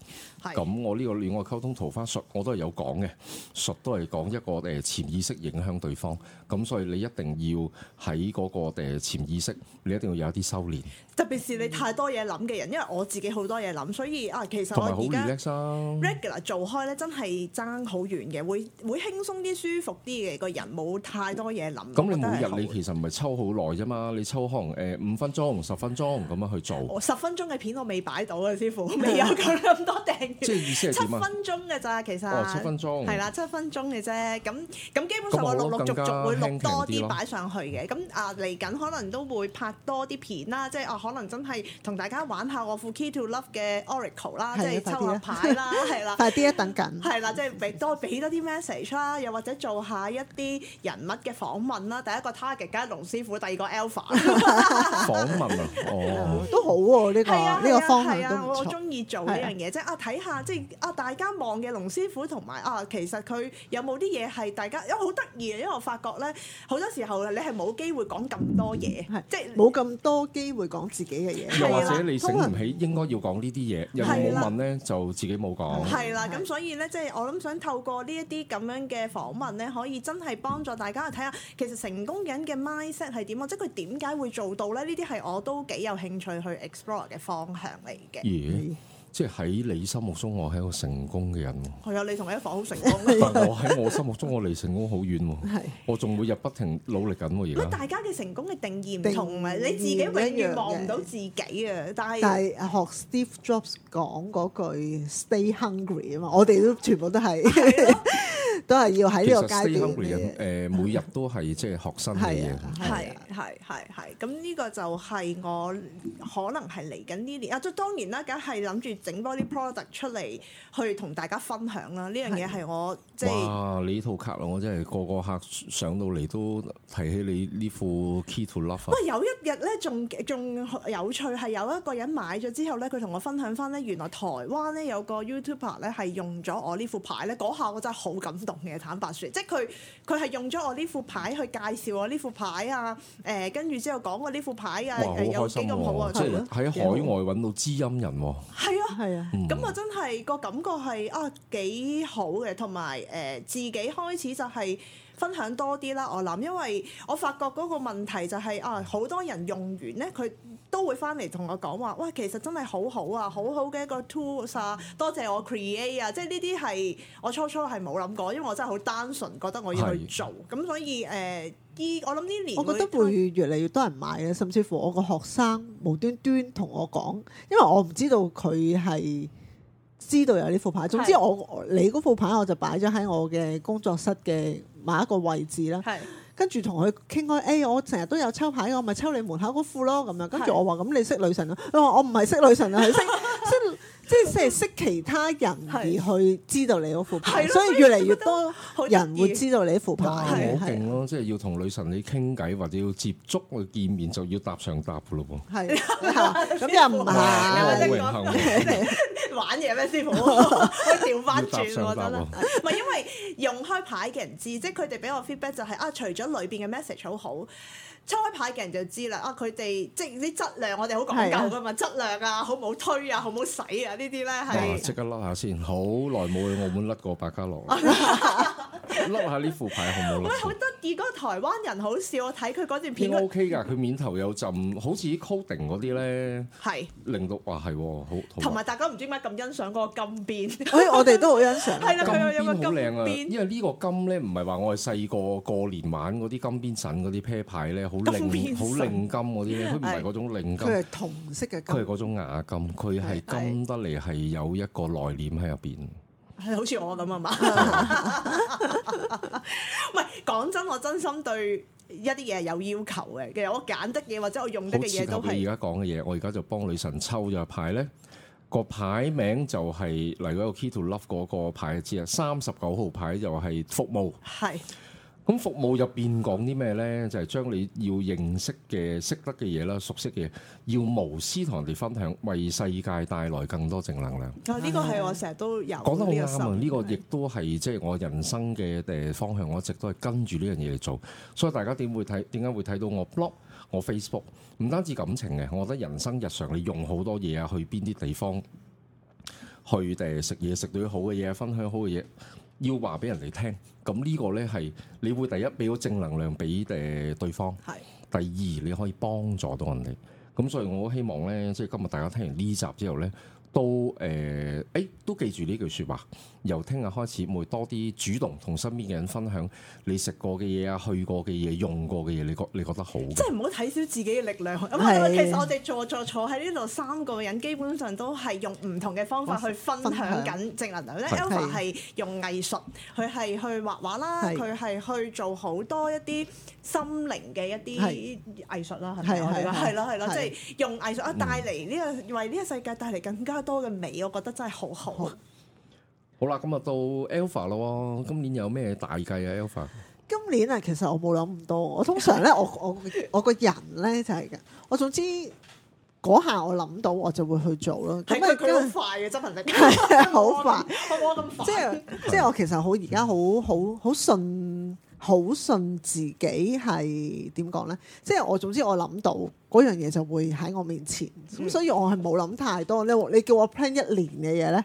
Speaker 1: 咁我呢個戀愛溝通桃花術我都係有講嘅，術都係講一個誒潛意識影響對方，咁所以你一定要喺嗰個誒潛意識，你一定要有一啲修練。
Speaker 3: 特別是你太多嘢諗嘅人，因為我自己好多嘢諗，所以啊，其實我而家、
Speaker 1: 啊、
Speaker 3: regular 做開咧，真係爭好遠嘅，會會輕鬆啲、舒服啲嘅，個人冇太多嘢諗。咁你每日
Speaker 1: 你其實唔係抽好耐啫嘛，你抽可能誒五分鐘、十分鐘咁樣去做。我
Speaker 3: 十分鐘嘅片我未擺到啊，師傅。未有咁多訂。 即係意思係點啊？七分鐘嘅咋其實，係啦，七分鐘嘅啫。咁咁基本上我陸陸續續會錄多啲擺上去嘅。咁啊嚟緊可能都會拍多啲片啦。即係啊，可能真係同大家玩下我副 Key to Love 嘅 Oracle 啦，即係抽下牌啦，
Speaker 2: 係啦。快啲一等緊，
Speaker 3: 係啦，即係俾多俾多啲 message 啦，又或者做下一啲人物嘅訪問啦。第一個 target 梗係龍師傅，第二個 Alpha
Speaker 1: 訪問啊，哦，都
Speaker 2: 好喎呢個呢個方向啊！我中意做呢樣
Speaker 3: 嘢，即係啊睇。即係啊！大家望嘅龍師傅同埋啊，其實佢有冇啲嘢係大家因為有好得意啊！因為我發覺咧，好多時候你係冇機會講咁多嘢，是即係冇咁多機會講自己嘅嘢。又的或者你醒唔起應該，
Speaker 1: 應該要講呢啲嘢，又冇問咧，就自己冇講。係啦，
Speaker 3: 咁所以咧，即、就、係、是、我諗想透過呢一啲咁樣嘅訪問咧，可以真係幫助大家去睇下，其實成功人嘅 mindset 係點，或者佢點解會做到咧？呢啲係我都幾有興趣去 explore 嘅方向嚟嘅。嗯
Speaker 1: 即喺你心目中，我係一個成功嘅人。
Speaker 3: 係啊、嗯，你同一一房好成功。
Speaker 1: 但係我喺我心目中，我離成功好遠喎。對我仲每日不停努力緊喎而家。大
Speaker 3: 家嘅成功嘅定義唔同啊！然你自己永遠望唔到自己啊！但係但係學 Steve
Speaker 2: Jobs 講嗰句 Stay hungry 啊嘛，我哋都全部都係。哇的
Speaker 3: 都係要喺呢個階
Speaker 1: 段，誒每日都係即係學生嘅嘢。
Speaker 3: 係係係啊，係咁呢個就係我可能係嚟緊呢年啊。即當然啦，梗係諗住整多啲 product 出嚟，去同大家分享啦。呢樣嘢係我即係啊，
Speaker 1: 你呢套卡啦，我真係個個客上到嚟都提起你呢副 key to love。喂，
Speaker 3: 有一日咧，仲仲有趣係有一個人買咗之後咧，佢同我分享翻咧，原來台灣咧有個 youtuber 咧係用咗我呢副牌咧，嗰下我真係好感動。嘅坦白説，即係佢佢係用咗我呢副牌去介紹我呢副牌啊，誒跟住之後講我呢副牌啊，誒有幾咁好啊，喺海外
Speaker 1: 揾到知音人，係啊
Speaker 3: 係啊，咁我真係個感覺係啊幾好嘅，同埋誒自己開始就係分享多啲啦。我諗，因為我發覺嗰個問題就係啊，好多人用完咧佢。都會翻嚟同我講話，喂，其實真係好好啊，好好嘅一個 tools 啊，多謝我 create 啊，即係呢啲係我初初係冇諗過，因為我真係好單純覺得我要去做，咁是所以誒，依、呃、我諗呢年我覺得會
Speaker 2: 越嚟越多人買啊，甚至乎我個學生無端端同我講，因為我唔知道佢係知道有呢副牌，總之我你嗰副牌我就擺咗喺我嘅工作室嘅某一個位置啦。係。跟住同佢傾開，誒，我成日都有抽牌嘅，我咪抽你門口嗰副咯，咁是樣。跟住我話，咁，你識女神啊？佢話我唔係識女神啊，係 識。即即係識其他人而去知道你嗰副牌，所以越嚟越
Speaker 1: 多人會知道你副牌。好我勁咯，即係要同女神你傾偈或者要接觸去見面，就要搭上搭噶咯噃。
Speaker 3: 係咁又唔係？玩嘢咩師傅？我調
Speaker 1: 翻轉我覺得啦。
Speaker 3: 唔係因為用開牌嘅人知，即係佢哋俾我 feedback 就係啊，除咗裏邊嘅 message 好好。初牌嘅人就知啦，啊，佢哋即係啲質量，我哋好講究㗎嘛，啊、質量啊，好唔好推啊，好唔好使啊？呢啲咧係，即
Speaker 1: 刻甩下先，好耐冇去澳門甩過百家樂，甩 下呢副牌好唔好？喂，好得
Speaker 3: 意，嗰個台灣人好笑，我睇佢嗰段片。O K
Speaker 1: 㗎，佢面頭有浸，好似 coding 嗰啲咧，係是令到哇係、哦，好同埋
Speaker 3: 大家唔知點解咁欣賞嗰個金邊，哎、 欸，我哋都好欣賞，係啦佢有個
Speaker 1: 金邊，因為呢個金咧唔係話我哋細個過年玩嗰啲金邊筍嗰啲啤牌咧。好靈好靈金嗰啲咧，佢唔係嗰種靈金，佢係
Speaker 3: 銅色嘅金，佢係嗰
Speaker 1: 種亞金，佢係金得嚟係有一個內斂喺入邊，
Speaker 3: 係好似我咁啊嘛。唔係講真，我真心對一啲嘢係有要求嘅，其實我揀得嘢或者我用得嘅嘢都係。好像像你而
Speaker 1: 家講嘅嘢，我而家就幫女神抽咗牌咧，個牌名就係嚟嗰個 Key to Love 嗰個牌字啊，三十九號牌就係服務，係。咁服務入邊講啲咩咧？就係、是、將你要認識嘅、識得嘅嘢啦、熟悉嘅嘢，要無私同人哋分享，為世界帶來更多正能量。啊！呢個係我
Speaker 3: 成日都有講得好啱。
Speaker 1: 呢個亦都係即係我人生嘅誒方向，我一直都係跟住呢樣嘢嚟做。所以大家點會睇？點解會睇到我 blog、我 Facebook？唔單止感情嘅，我覺得人生日常你用好多嘢啊，去邊啲地方去誒食嘢、食到好嘅嘢、分享好嘅嘢，要話俾人哋聽。咁呢個呢，係你會第一俾到正能量俾誒對方，是，第二你可以幫助到人哋。咁所以我希望呢，即係今日大家聽完呢集之後呢，都誒，誒，呃，都記住呢句説話。由聽日開始，會多啲主動同身邊嘅人分享你食過嘅嘢啊、去過嘅嘢、用過嘅嘢。你覺你覺得好，
Speaker 3: 即係唔好睇少自己嘅力量。咁其實我哋坐坐坐喺呢度三個人，基本上都係用唔同嘅方法去分享緊正能量。Elva 係用藝術，佢係去畫畫啦，佢係去做好多一啲心靈嘅一啲藝術啦，係咪啊？係咯係咯，即係用藝術啊，帶嚟呢個為呢個世界帶嚟更加多嘅美，我覺得真係好好。
Speaker 1: 好啦，今日到 Alpha 咯，今年有咩大計啊？Alpha，
Speaker 2: 今年啊，其實我冇諗咁
Speaker 3: 多。我通常咧，我我
Speaker 1: 我
Speaker 2: 個人咧就係、是、嘅。我總之嗰下我諗到，我就會去做咯。咁咪佢好快嘅，真係真係好快，冇咁快。即係即係，我其實好而家好好好信，好信自己係點講咧？即係我總之我諗到嗰樣嘢，就會喺我面前。咁、嗯、所以我係冇諗太多咧。你叫我 plan 一年嘅嘢咧？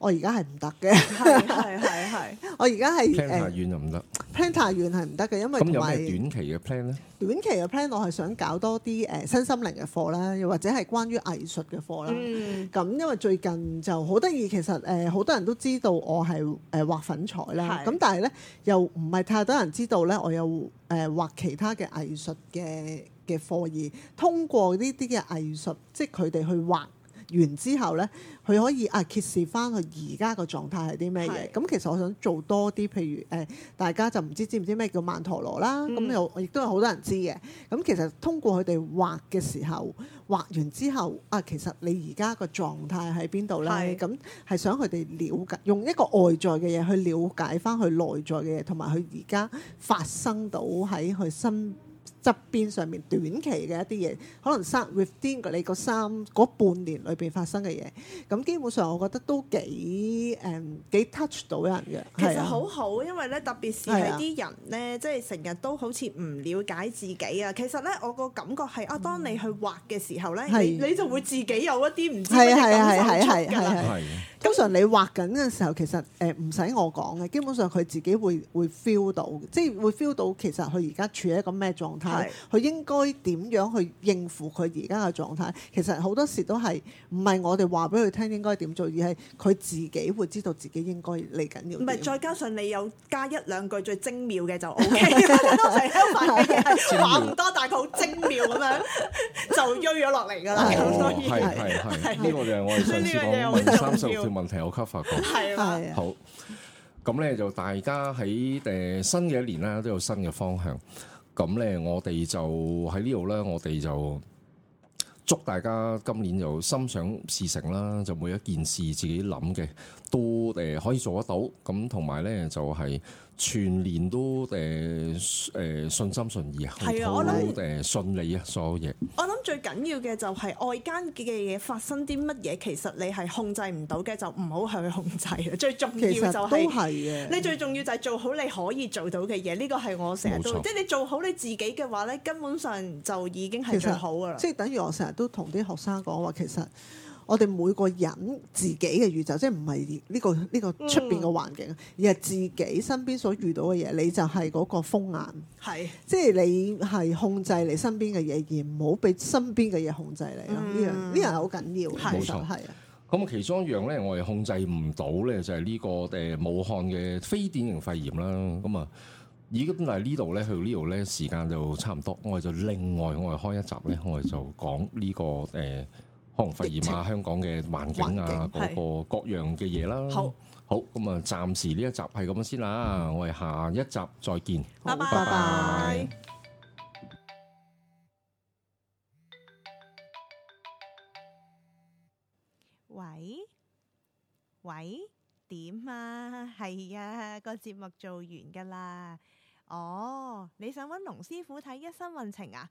Speaker 2: 我而家係唔得嘅，係係係。我而家係 plan 太遠就唔得，plan 太遠係唔得嘅，因為同埋短
Speaker 1: 期嘅 plan 咧。
Speaker 2: 短期嘅 plan 我係想搞多啲誒身心靈嘅課啦，又或者係關於藝術嘅課啦。咁、嗯、因為最近就好得意，其實誒好多人都知道我係誒畫粉彩啦，咁是的 但係咧又唔係太多人知道咧，我有誒畫其他嘅藝術嘅嘅課而通過呢啲嘅藝術，即係佢哋去畫完之後呢，佢可以啊揭示翻佢而家個狀態係啲咩嘢。咁是其實我想做多啲，譬如誒、呃，大家就唔知知唔知咩叫曼陀羅啦。咁又亦都有好多人知嘅。咁、嗯、其實通過佢哋畫嘅時候，畫完之後啊，其實你而家個狀態喺邊度呢？咁係是、嗯、想佢哋瞭解，用一個外在嘅嘢去了解翻佢內在嘅嘢，同埋佢而家發生到喺佢身。側邊上面短期嘅一啲嘢，可能三 within 你個三嗰半年裏邊發生嘅嘢，咁基本上我覺得都幾誒、嗯、幾 touch 到人嘅。其實好
Speaker 3: 好，的因為咧特別是係啲人咧，的即係成日都好似唔了解自己啊。其實咧，我個感覺係啊，當你去畫嘅時候咧、嗯，你就會自己有一啲唔知咩感受出嚟嘅
Speaker 2: 啦。通常你畫緊嘅時候，其實誒唔使我講嘅，基本上佢自己會會 feel 到，即係會 feel 到其實佢而家處喺一個咩狀態。佢應該點樣去應付佢而家嘅狀態？其實好多時都係唔係我哋話俾佢聽應該點做，而係佢自己會知道自己應該嚟緊要。唔係，再
Speaker 3: 加上你有加一兩句最精妙嘅就 OK。多陳興發嘅嘢話唔多，但係佢好精妙咁樣就喐咗落嚟㗎啦。係係係。所以呢個就係我哋上次講問三十六條問
Speaker 1: 題，我給發講。係係。好咁咧，就大家喺誒新嘅一年咧，都有新嘅方向。咁咧，我哋就喺呢度咧，我哋就祝大家今年就心想事成啦！就每一件事自己諗嘅都誒可以做得到，咁同埋咧就係、是。全年都誒誒順心順意，係啊，我諗，好誒順利啊！所有嘢，
Speaker 3: 我諗最緊要嘅就係外間嘅嘢發生啲乜嘢，其實你係控制唔到嘅，就唔好去控制啦。最重要就係，其實都係嘅。你最重要就係做好你可以做到嘅嘢，呢個係我成日都冇錯，即係你做好你自己嘅話咧，根本上就已經係最好噶啦。即係
Speaker 2: 等於我成日都同啲學生講話，其實。我哋每個人自己嘅宇宙，即係唔係呢個呢、呢個出邊嘅環境，而係自己身邊所遇到嘅嘢，你就係嗰個風眼，係是即係你係控制你身邊嘅嘢，而唔好俾身邊嘅嘢控制你咯。呢、嗯、樣呢樣好緊要，冇錯係啊。
Speaker 1: 咁、就是、其中一樣咧，我哋控制唔到咧，就係、是、呢、呢個誒、呃、武漢嘅非典型肺炎啦。咁、嗯、啊，已經嚟呢度咧，去呢度咧，時間就差唔多，我哋就另外我哋開一集咧，我哋就講呢、呢個誒。呃胸肺炎啊，香港嘅環境啊，嗰個各樣嘅嘢啦。好，好，咁啊，暫時呢一集係咁先啦。我哋下一集再見。拜拜。
Speaker 3: 喂喂，點啊？係啊，個節目做完㗎啦。哦，你想揾龍師傅睇一生運程啊？